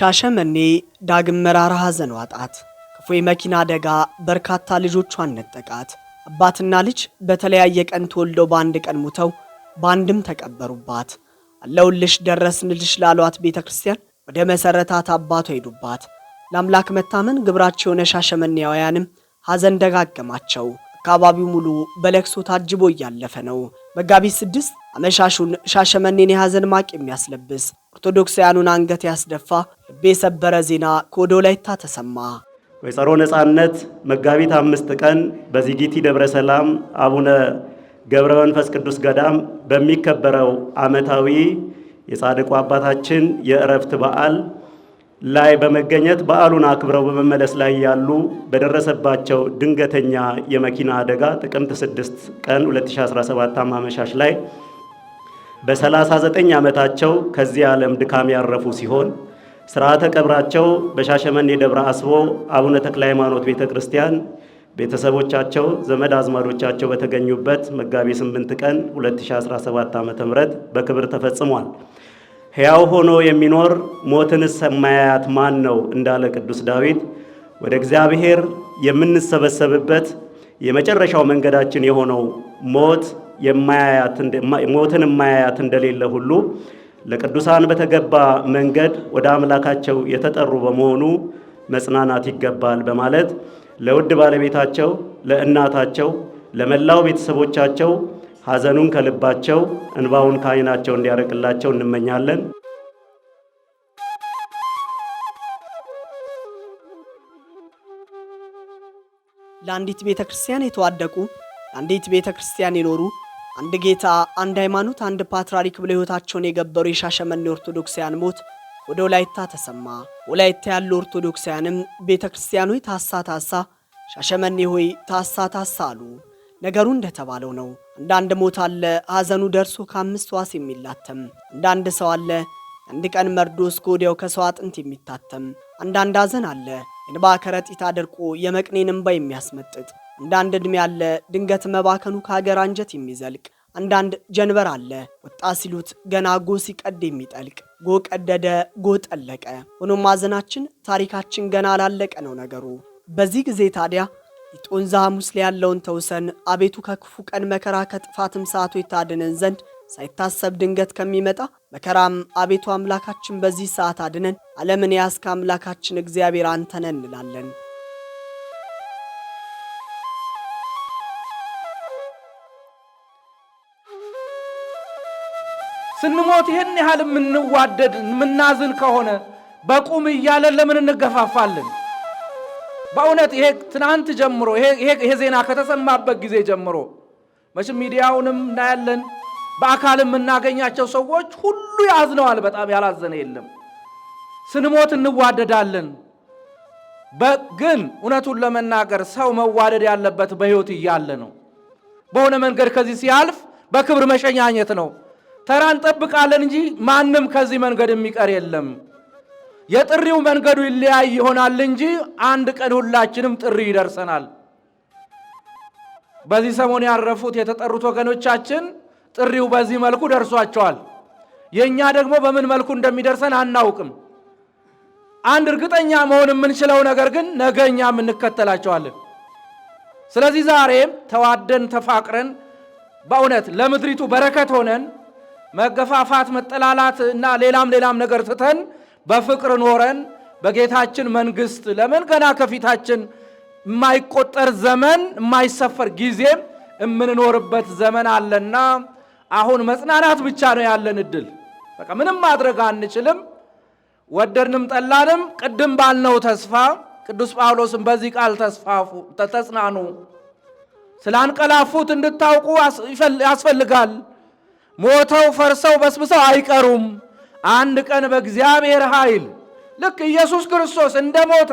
ሻሸመኔ ዳግም መራራ ሐዘን ዋጣት። ክፉ የመኪና አደጋ በርካታ ልጆቿን ነጠቃት። አባትና ልጅ በተለያየ ቀን ተወልደው በአንድ ቀን ሙተው በአንድም ተቀበሩባት። አለውልሽ ደረስንልሽ ላሏት ቤተ ክርስቲያን ወደ መሠረታት አባቷ ሄዱባት። ለአምላክ መታመን ግብራቸው የሆነ ሻሸመኔያውያንም ሐዘን ደጋገማቸው። አካባቢው ሙሉ በለቅሶ ታጅቦ እያለፈ ነው። መጋቢት ስድስት አመሻሹን ሻሸመኔን የሐዘን ማቅ የሚያስለብስ ኦርቶዶክሳውያኑን አንገት ያስደፋ ልብ የሰበረ ዜና ከወደ ወላይታ ተሰማ። ወይጸሮ ነፃነት መጋቢት አምስት ቀን በዚጊቲ ደብረ ሰላም አቡነ ገብረ መንፈስ ቅዱስ ገዳም በሚከበረው ዓመታዊ የጻድቁ አባታችን የእረፍት በዓል ላይ በመገኘት በዓሉን አክብረው በመመለስ ላይ ያሉ በደረሰባቸው ድንገተኛ የመኪና አደጋ ጥቅምት 6 ቀን 2017 አመሻሽ ላይ በ39 ዓመታቸው ከዚህ ዓለም ድካም ያረፉ ሲሆን ስርዓተ ቀብራቸው በሻሸመኔ ደብረ አስቦ አቡነ ተክለ ሃይማኖት ቤተ ክርስቲያን ቤተሰቦቻቸው፣ ዘመድ አዝማዶቻቸው በተገኙበት መጋቢ 8 ቀን 2017 ዓ.ም በክብር ተፈጽሟል። ሕያው ሆኖ የሚኖር ሞትንስ የማያያት ማን ነው እንዳለ ቅዱስ ዳዊት ወደ እግዚአብሔር የምንሰበሰብበት የመጨረሻው መንገዳችን የሆነው ሞት ሞትን የማያያት እንደሌለ ሁሉ ለቅዱሳን በተገባ መንገድ ወደ አምላካቸው የተጠሩ በመሆኑ መጽናናት ይገባል በማለት ለውድ ባለቤታቸው፣ ለእናታቸው፣ ለመላው ቤተሰቦቻቸው ሐዘኑን ከልባቸው እንባውን ከዓይናቸው እንዲያረቅላቸው እንመኛለን። ለአንዲት ቤተ ክርስቲያን የተዋደቁ ለአንዲት ቤተ ክርስቲያን የኖሩ አንድ ጌታ፣ አንድ ሃይማኖት፣ አንድ ፓትርያርክ ብለው ሕይወታቸውን የገበሩ የሻሸመኔ ኦርቶዶክሳውያን ሞት ወደ ወላይታ ተሰማ። ወላይታ ያሉ ኦርቶዶክሳውያንም ቤተ ክርስቲያን ሆይ ታሳ ታሳ፣ ሻሸመኔ ሆይ ታሳ ታሳ አሉ። ነገሩ እንደተባለው ነው። እንደ አንድ ሞት አለ ሐዘኑ ደርሶ ከአምስት ዋስ የሚላተም እንደ አንድ ሰው አለ አንድ ቀን መርዶ እስከ ወዲያው ከሰው አጥንት የሚታተም አንዳንድ ሐዘን አለ እንባ ከረጢት አድርቆ የመቅኔን እንባ የሚያስመጥጥ አንዳንድ ዕድሜ አለ ድንገት መባከኑ ከሀገር አንጀት የሚዘልቅ አንዳንድ ጀንበር አለ ወጣ ሲሉት ገና ጎ ሲቀድ የሚጠልቅ ጎ ቀደደ ጎ ጠለቀ ሆኖም ሐዘናችን ታሪካችን ገና አላለቀ ነው ነገሩ በዚህ ጊዜ ታዲያ የጦንዛ ሐሙስ ላይ ያለውን ተውሰን አቤቱ ከክፉ ቀን መከራ ከጥፋትም ሰዓቱ የታድነን ዘንድ ሳይታሰብ ድንገት ከሚመጣ መከራም አቤቱ አምላካችን በዚህ ሰዓት አድነን። ዓለምን ያስከ አምላካችን እግዚአብሔር አንተነን እንላለን። ስንሞት ይህን ያህል የምንዋደድ የምናዝን ከሆነ በቁም እያለን ለምን እንገፋፋለን? በእውነት ይሄ ትናንት ጀምሮ ይሄ ዜና ከተሰማበት ጊዜ ጀምሮ መቼም ሚዲያውንም እናያለን፣ በአካል የምናገኛቸው ሰዎች ሁሉ ያዝነዋል። በጣም ያላዘነ የለም። ስንሞት እንዋደዳለን። ግን እውነቱን ለመናገር ሰው መዋደድ ያለበት በሕይወት እያለ ነው። በሆነ መንገድ ከዚህ ሲያልፍ በክብር መሸኛኘት ነው። ተራ እንጠብቃለን እንጂ ማንም ከዚህ መንገድ የሚቀር የለም። የጥሪው መንገዱ ይለያይ ይሆናል እንጂ አንድ ቀን ሁላችንም ጥሪ ይደርሰናል። በዚህ ሰሞን ያረፉት የተጠሩት ወገኖቻችን ጥሪው በዚህ መልኩ ደርሷቸዋል። የእኛ ደግሞ በምን መልኩ እንደሚደርሰን አናውቅም። አንድ እርግጠኛ መሆን የምንችለው ነገር ግን ነገ እኛም እንከተላቸዋለን። ስለዚህ ዛሬ ተዋደን ተፋቅረን በእውነት ለምድሪቱ በረከት ሆነን መገፋፋት፣ መጠላላት እና ሌላም ሌላም ነገር ትተን በፍቅር ኖረን በጌታችን መንግስት ለምን ገና ከፊታችን የማይቆጠር ዘመን የማይሰፈር ጊዜም የምንኖርበት ዘመን አለና አሁን መጽናናት ብቻ ነው ያለን እድል። በቃ ምንም ማድረግ አንችልም። ወደድንም ጠላንም፣ ቅድም ባልነው ተስፋ ቅዱስ ጳውሎስም በዚህ ቃል ተስፋፉ፣ ተጽናኑ፣ ስላንቀላፉት እንድታውቁ ያስፈልጋል። ሞተው ፈርሰው በስብሰው አይቀሩም አንድ ቀን በእግዚአብሔር ኃይል ልክ ኢየሱስ ክርስቶስ እንደ ሞተ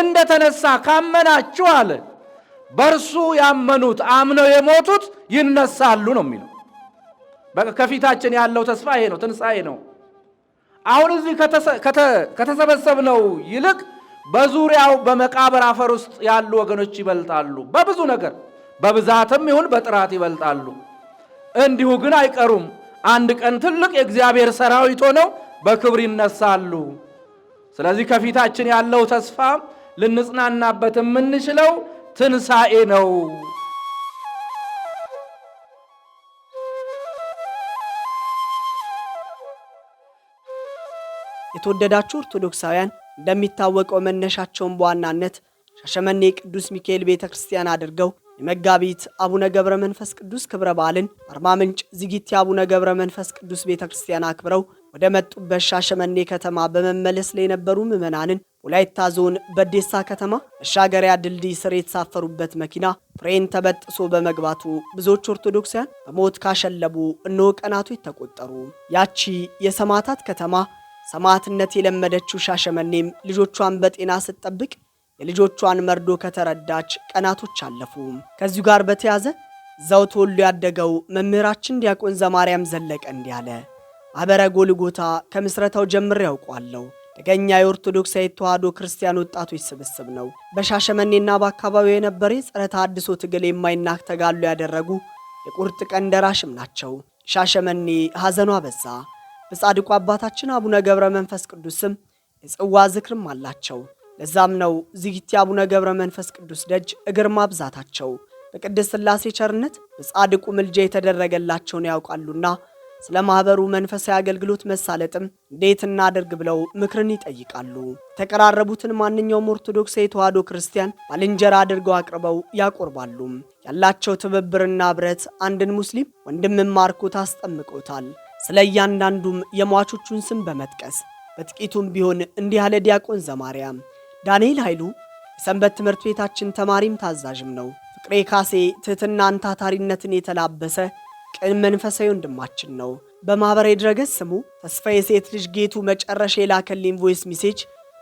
እንደ ተነሳ ካመናችሁ አለ በእርሱ ያመኑት አምነው የሞቱት ይነሳሉ ነው የሚለው። ከፊታችን ያለው ተስፋ ይሄ ነው፣ ትንሣኤ ነው። አሁን እዚህ ከተሰበሰብነው ይልቅ በዙሪያው በመቃብር አፈር ውስጥ ያሉ ወገኖች ይበልጣሉ፣ በብዙ ነገር በብዛትም ይሁን በጥራት ይበልጣሉ። እንዲሁ ግን አይቀሩም። አንድ ቀን ትልቅ የእግዚአብሔር ሰራዊት ሆነው በክብር ይነሳሉ። ስለዚህ ከፊታችን ያለው ተስፋ ልንጽናናበት የምንችለው ትንሣኤ ነው። የተወደዳችሁ ኦርቶዶክሳውያን እንደሚታወቀው መነሻቸውን በዋናነት ሻሸመኔ ቅዱስ ሚካኤል ቤተ ክርስቲያን አድርገው የመጋቢት አቡነ ገብረ መንፈስ ቅዱስ ክብረ በዓልን አርባ ምንጭ ዝጊቲ የአቡነ ገብረ መንፈስ ቅዱስ ቤተ ክርስቲያን አክብረው ወደ መጡበት ሻሸመኔ ከተማ በመመለስ ላይ የነበሩ ምዕመናንን ወላይታ ዞን በዴሳ ከተማ መሻገሪያ ድልድይ ስር የተሳፈሩበት መኪና ፍሬን ተበጥሶ በመግባቱ ብዙዎች ኦርቶዶክሳውያን በሞት ካሸለቡ እነሆ ቀናቱ የተቆጠሩ። ያቺ የሰማዕታት ከተማ ሰማዕትነት የለመደችው ሻሸመኔም ልጆቿን በጤና ስትጠብቅ የልጆቿን መርዶ ከተረዳች ቀናቶች አለፉ። ከዚሁ ጋር በተያዘ እዛው ተወልዶ ያደገው መምህራችን ዲያቆን ዘማርያም ዘለቀ እንዲህ አለ። አበረ ጎልጎታ ከምስረታው ጀምሬ ያውቋለሁ። ደገኛ የኦርቶዶክሳዊ ተዋህዶ ክርስቲያን ወጣቶች ስብስብ ነው። በሻሸመኔና በአካባቢው የነበረ የጸረ ተሐድሶ ትግል የማይናቅ ተጋድሎ ያደረጉ የቁርጥ ቀን ደራሽም ናቸው። ሻሸመኔ ሐዘኗ በዛ። በጻድቁ አባታችን አቡነ ገብረ መንፈስ ቅዱስም የጽዋ ዝክርም አላቸው። ለዛም ነው ዝጊት አቡነ ገብረ መንፈስ ቅዱስ ደጅ እግር ማብዛታቸው በቅድስት ሥላሴ ቸርነት በጻድቁ ምልጃ የተደረገላቸውን ያውቃሉና ስለ ማኅበሩ መንፈሳዊ አገልግሎት መሳለጥም እንዴት እናደርግ ብለው ምክርን ይጠይቃሉ። የተቀራረቡትን ማንኛውም ኦርቶዶክስ የተዋሕዶ ክርስቲያን ባልንጀራ አድርገው አቅርበው ያቆርባሉ። ያላቸው ትብብርና ብረት አንድን ሙስሊም ወንድምን ማርኮት አስጠምቀውታል። ስለ እያንዳንዱም የሟቾቹን ስም በመጥቀስ በጥቂቱም ቢሆን እንዲህ አለ ዲያቆን ዘማርያም ዳንኤል ኃይሉ የሰንበት ትምህርት ቤታችን ተማሪም ታዛዥም ነው። ፍቅሬ ካሴ ትህትናን፣ ታታሪነትን የተላበሰ ቅን መንፈሳዊ ወንድማችን ነው። በማኅበራዊ ድረገጽ ስሙ ተስፋ የሴት ልጅ ጌቱ መጨረሻ የላከልኝ ቮይስ ሜሴጅ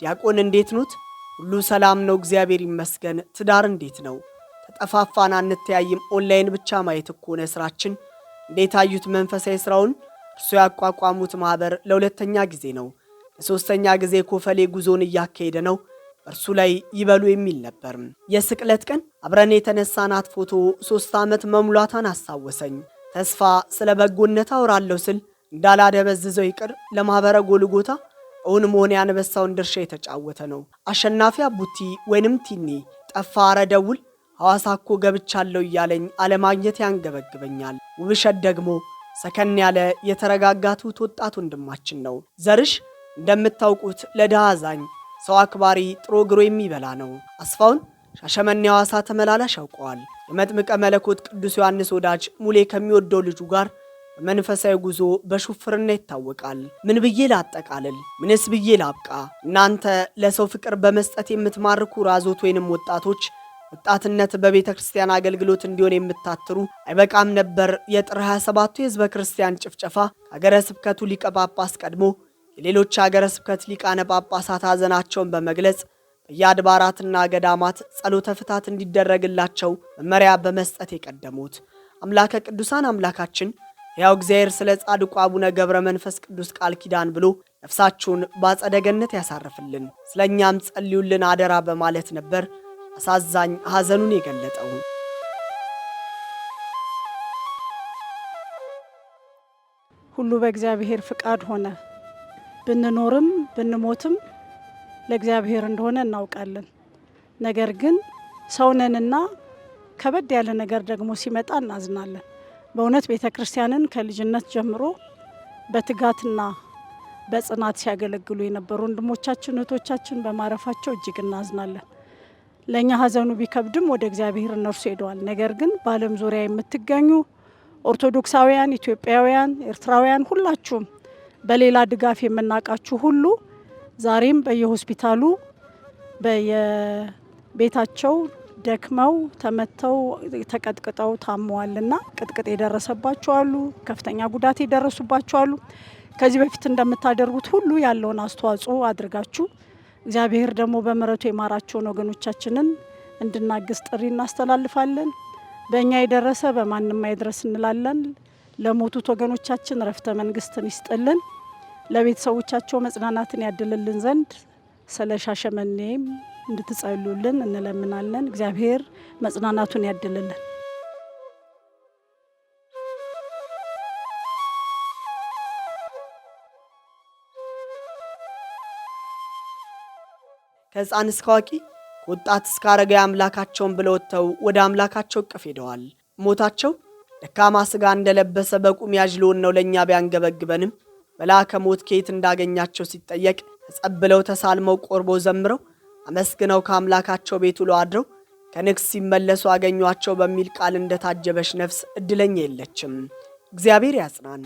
ዲያቆን እንዴት ኖት? ሁሉ ሰላም ነው እግዚአብሔር ይመስገን። ትዳር እንዴት ነው? ተጠፋፋን አንተያይም። ኦንላይን ብቻ ማየት እኮ ነው ስራችን። እንዴት አዩት መንፈሳዊ ስራውን? እርሱ ያቋቋሙት ማኅበር ለሁለተኛ ጊዜ ነው። ለሦስተኛ ጊዜ ኮፈሌ ጉዞን እያካሄደ ነው። እርሱ ላይ ይበሉ የሚል ነበር። የስቅለት ቀን አብረን የተነሳናት ፎቶ ሶስት ዓመት መሙላቷን አስታወሰኝ። ተስፋ ስለ በጎነት አውራለሁ ስል እንዳላደበዝዘው ይቅር ለማኅበረ ጎልጎታ እውን መሆን ያንበሳውን ድርሻ የተጫወተ ነው። አሸናፊ አቡቲ ወይንም ቲኒ ጠፋ ረደውል ደውል ሐዋሳ እኮ ገብቻለሁ እያለኝ አለማግኘት ያንገበግበኛል። ውብሸት ደግሞ ሰከን ያለ የተረጋጋ ወጣት ወንድማችን ነው። ዘርሽ እንደምታውቁት ለድሃ አዛኝ ሰው አክባሪ ጥሩ እግሮ የሚበላ ነው። አስፋውን ሻሸመኔ ሐዋሳ ተመላላሽ ያውቀዋል። የመጥምቀ መለኮት ቅዱስ ዮሐንስ ወዳጅ ሙሌ ከሚወደው ልጁ ጋር በመንፈሳዊ ጉዞ በሹፍርና ይታወቃል። ምን ብዬ ላጠቃልል? ምንስ ብዬ ላብቃ? እናንተ ለሰው ፍቅር በመስጠት የምትማርኩ ራዞት ወይንም ወጣቶች ወጣትነት በቤተ ክርስቲያን አገልግሎት እንዲሆን የምታትሩ አይበቃም ነበር የጥር 27ቱ የህዝበ ክርስቲያን ጭፍጨፋ ከሀገረ ስብከቱ ሊቀ ጳጳስ ቀድሞ የሌሎች ሀገረ ስብከት ሊቃነ ጳጳሳት ሐዘናቸውን በመግለጽ በየአድባራትና ገዳማት ጸሎተ ፍታት እንዲደረግላቸው መመሪያ በመስጠት የቀደሙት አምላከ ቅዱሳን አምላካችን ሕያው እግዚአብሔር ስለ ጻድቁ አቡነ ገብረ መንፈስ ቅዱስ ቃል ኪዳን ብሎ ነፍሳችሁን ባጸደ ገነት ያሳርፍልን፣ ስለ እኛም ጸልዩልን አደራ በማለት ነበር አሳዛኝ ሐዘኑን የገለጠው። ሁሉ በእግዚአብሔር ፍቃድ ሆነ። ብንኖርም ብንሞትም ለእግዚአብሔር እንደሆነ እናውቃለን። ነገር ግን ሰውነንና ከበድ ያለ ነገር ደግሞ ሲመጣ እናዝናለን። በእውነት ቤተ ክርስቲያንን ከልጅነት ጀምሮ በትጋትና በጽናት ሲያገለግሉ የነበሩ ወንድሞቻችን እህቶቻችን በማረፋቸው እጅግ እናዝናለን። ለእኛ ሀዘኑ ቢከብድም ወደ እግዚአብሔር እነርሱ ሄደዋል። ነገር ግን በዓለም ዙሪያ የምትገኙ ኦርቶዶክሳውያን፣ ኢትዮጵያውያን፣ ኤርትራውያን ሁላችሁም በሌላ ድጋፍ የምናውቃችሁ ሁሉ ዛሬም በየሆስፒታሉ በየቤታቸው ደክመው ተመተው ተቀጥቅጠው ታመዋልና ቅጥቅጥ የደረሰባቸዋሉ፣ አሉ፣ ከፍተኛ ጉዳት የደረሱባቸዋሉ። አሉ። ከዚህ በፊት እንደምታደርጉት ሁሉ ያለውን አስተዋጽኦ አድርጋችሁ እግዚአብሔር ደግሞ በምሕረቱ የማራቸውን ወገኖቻችንን እንድናግዝ ጥሪ እናስተላልፋለን። በእኛ የደረሰ በማንም አይድረስ እንላለን። ለሞቱት ወገኖቻችን ረፍተ መንግስትን ይስጥልን። ለቤተሰቦቻቸው መጽናናትን ያድልልን ዘንድ ስለ ሻሸመኔም እንድትጸሉልን እንለምናለን። እግዚአብሔር መጽናናቱን ያድልልን። ከሕፃን እስከ አዋቂ ከወጣት እስከ አረጋዊ አምላካቸውን ብለው ወጥተው ወደ አምላካቸው እቅፍ ሄደዋል። ሞታቸው ደካማ ሥጋ እንደለበሰ በቁም ያጅሎን ነው ለእኛ ቢያንገበግበንም መልአከ ሞት ከየት እንዳገኛቸው ሲጠየቅ ተጸብለው ተሳልመው ቆርቦ ዘምረው አመስግነው ከአምላካቸው ቤት ውሎ አድረው ከንግስ ሲመለሱ አገኟቸው በሚል ቃል እንደታጀበች ነፍስ እድለኛ የለችም። እግዚአብሔር ያጽናን።